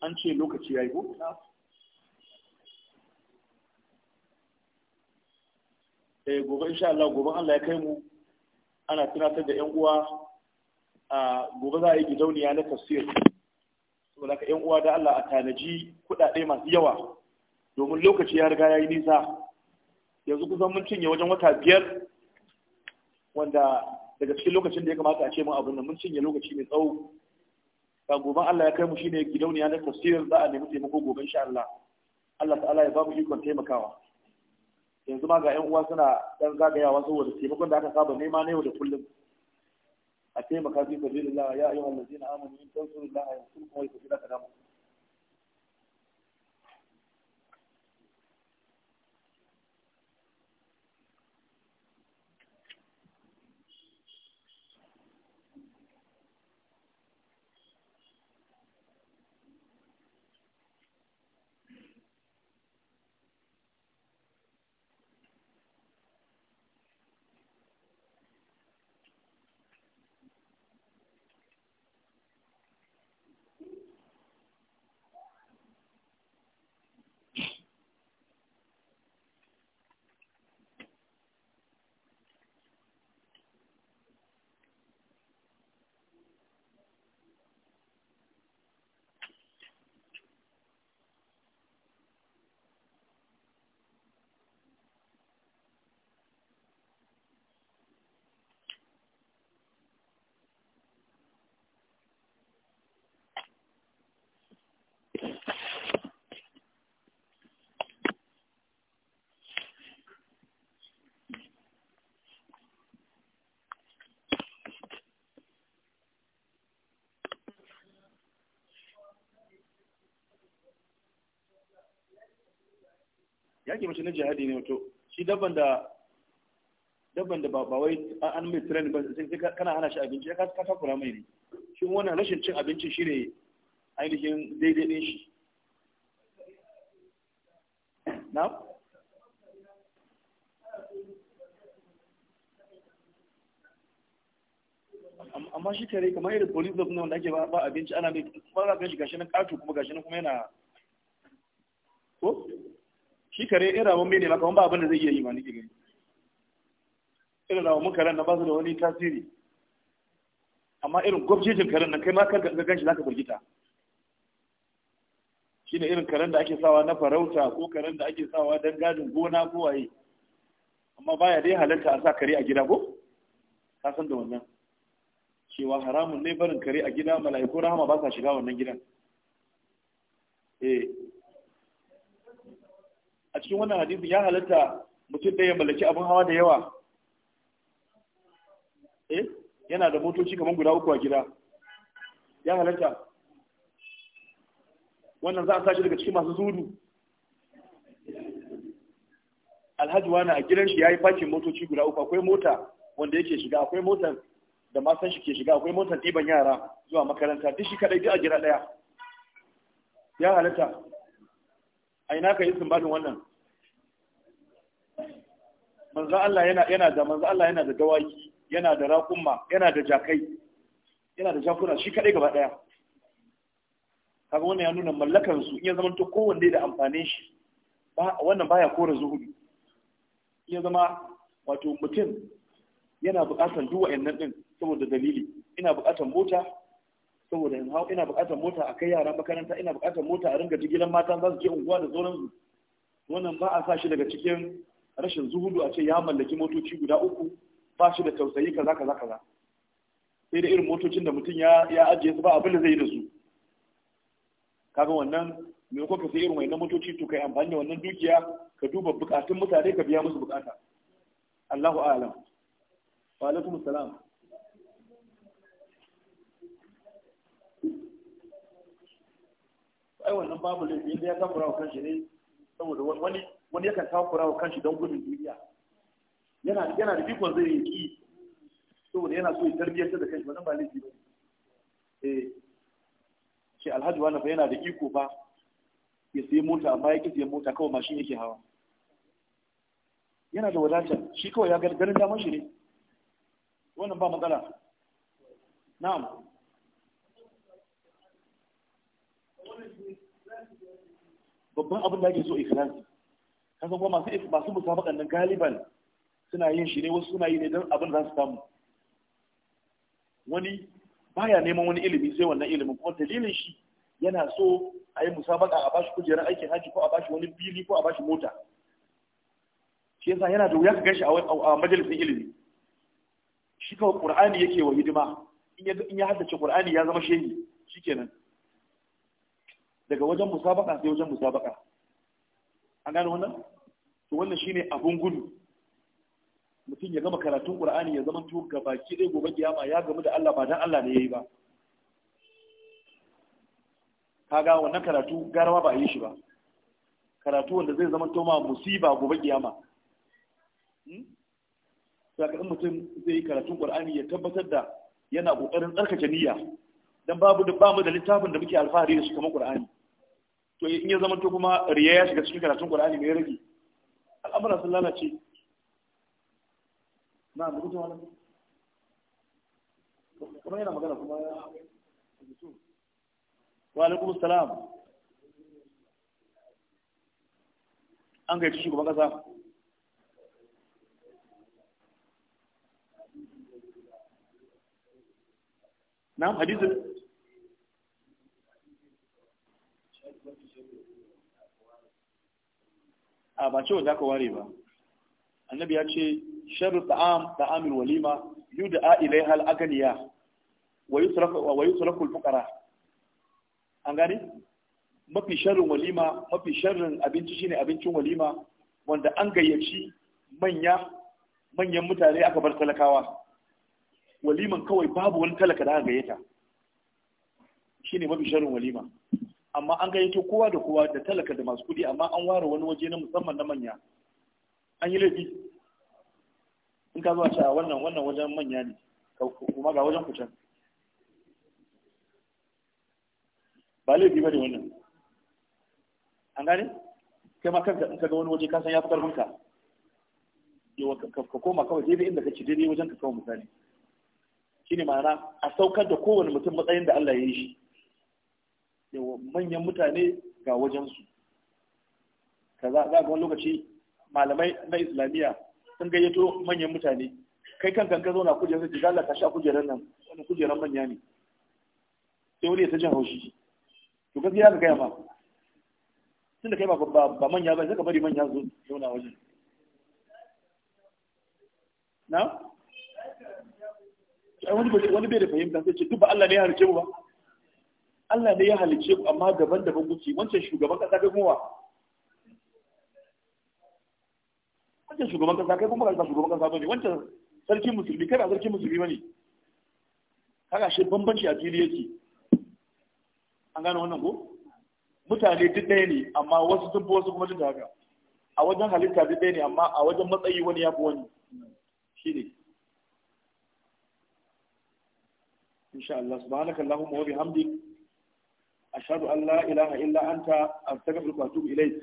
an ce lokaci ya yi gobe eh, na? gobe insha Allah gobe Allah ya kai mu ana tunatar da yan uwa a gobe za a yi gidauniya na tafsir saboda ka yan uwa da Allah a tanaji kuɗaɗe masu yawa domin lokaci ya riga ya yi nisa yanzu kusan mun cinye wajen wata biyar wanda daga cikin lokacin da ya kamata a ce mun abin nan mun cinye lokaci mai tsawo ga goben Allah ya kai mu shine gidauniya na tafsirin za a nemi taimako gobe insha Allah Allah ta'ala ya ba mu ikon taimakawa yanzu ma ga yan uwa suna dan zagayawa saboda taimakon da aka saba nema na yau da kullum a taimaka fi sabilillah ya ayyuhal ladzina amanu in tansurullaha yansurkum wa yusallu lakum Ya ke mace na jihadi ne wato shi dabban da dabban da ba wai an mai tirani ba sai kana hana shi abinci ya ka takura mai ne shi wannan rashin cin abinci shi ne ainihin daidai ne shi na amma shi kare kamar irin police dog ne wanda ake ba abinci ana mai kuma za ka shi gashi na kato kuma gashi na kuma yana ko shi kare irin mun bai ne maka ba abin da zai iya yi ma nake gani irin mun karen na ba su da wani tasiri amma irin gwabjejin karen nan kai ma kanka ga ganshi zaka firgita shine irin karen da ake sawa na farauta ko karen da ake sawa dan gadin gona ko waye amma baya dai halarta a sa kare a gida ko ka san da wannan cewa haramun ne barin kare a gida mala'iku rahama ba sa shiga wannan gidan eh a cikin wannan hadisin ya halatta mutum ɗaya ya mallaki abin hawa da yawa eh yana da motoci kamar guda uku a gida ya halatta wannan za a sashi daga cikin masu zudu alhaji wani a gidan shi ya yi fakin motoci guda uku akwai mota wanda yake shiga akwai motar da masan shi ke shiga akwai motar ɗiban yara zuwa makaranta duk shi kaɗai duk a gida ɗaya ya halatta a ina ka yi sun wannan manzo Allah yana yana da manzo Allah yana da dawaki yana da raƙumma yana da jakai yana da jakuna shi kadai gaba daya kaga wannan ya nuna mallakan su iya zama to kowanne da amfanin shi ba wannan baya kore In iya zama wato mutum yana buƙatar duk wa'annan din saboda dalili ina buƙatar mota saboda in ina buƙatar mota a kai yara makaranta ina buƙatar mota a ringa jigilan mata za su je unguwa da sauransu wannan ba a sa shi daga cikin rashin zuhudu a ce ya mallaki motoci guda uku ba shi da tausayi kaza kaza kaza sai da irin motocin da mutum ya ajiye su ba abin da zai yi da su kaga wannan me ko ka sai irin wannan motoci to kai amfani da wannan dukiya ka duba bukatun mutane ka biya musu bukata Allahu a'lam wa alaikum salam ai wannan babu laifi inda ya takura wa shi ne saboda wani wani yakan takura wa kanshi don gudun duniya yana yana da ikon zai yi ki saboda yana so ya tarbiyyar da kanshi wannan ba laifi ba eh shi alhaji wani fa yana da iko ba ya sayi mota amma ya ki mota kawai mashin yake hawa yana da wadata shi kawai ya ganin damar shi ne wannan ba matsala na'am babban abin da ake so ikhlasi kasan kuma masu masu musabakan nan galiban suna yin shi ne wasu suna yi ne don abin za su samu wani baya neman wani ilimi sai wannan ilimin kuma dalilin shi yana so a yi musabaka a bashi kujerar aikin hajji ko a bashi wani fili ko a bashi mota shi yasa yana da wuya ka gashi a majalisin ilimi shi kawai qur'ani yake wa hidima in ya haddace qur'ani ya zama shehi shikenan daga wajen musabaka sai wajen musabaka an gane wannan to wannan shine abun gudu mutum ya gama karatun qur'ani ya zama to ga baki dai gobe kiyama ya gamu da Allah ba dan Allah ne yayi ba kaga wannan karatu garawa ba yi shi ba karatu wanda zai zama to ma musiba gobe kiyama hmm? saka in mutum zai yi karatun qur'ani ya tabbatar da yana kokarin tsarkake niyya dan babu da bamu da littafin da muke alfahari da shi kamar qur'ani to in ya zama to kuma riya ya shiga cikin karatun qur'ani mai rage al'amuran sun lalace na da gudun wani kuma yana magana kuma ya wa alaikum salam an gaji kuma kasa na hadisin a ba ce wanda aka ware ba annabi ya ce sharru ta'am ta'amul walima yud'a ilaiha al-aghniya wa yusrafu wa yusrafu al-fuqara an gani mafi sharrin walima mafi sharrin abinci shine abincin walima wanda an gayyaci manya manyan mutane aka bar talakawa waliman kawai babu wani talaka da aka gayyata shine mafi sharrin walima amma an gayyato kowa da kowa da talaka da masu kuɗi amma an ware wani waje na musamman na manya an yi laifi in ka zuwa cewa wannan wannan wajen manya ne kuma ga wajen kucin ba laifi ba ne wannan an gane kai ma kanka in ka ga wani waje ka san ya fi karfin ka ka koma kawai daidai inda ka ci daidai wajen ka kawo misali shine ma'ana a saukar da kowane mutum matsayin da Allah ya yi shi yawa manyan mutane ga wajensu Ka za ga wani lokaci malamai na islamiyya sun gayyato manyan mutane kai kan kan ka zauna kujerar sai ka ka sha kujerar nan wani kujerar manya ne sai wani ya ta jin haushi to gaskiya ka gaya ma tun da kai ba ba manya ba zaka ka bari manya zo zauna wajen na wani bai da fahimta sai ce duk ba Allah ne ya harce mu ba Allah ne ya halice ku amma daban-daban kuke wancan shugaban kasa kai kuma wancan shugaban kasa kai kuma ba shugaban kasa bane wancan sarkin musulmi kai ba sarkin musulmi bane kaga shi bambanci a fili yake an gane wannan ko mutane duk ɗaya ne amma wasu sun fi wasu kuma duk da haka a wajen halitta duk ɗaya ne amma a wajen matsayi wani ya fi wani shi ne insha Allah subhanaka Allahumma wa bihamdika ashhadu Allah la ilaha illa anta astaghfiruka wa atubu ilayk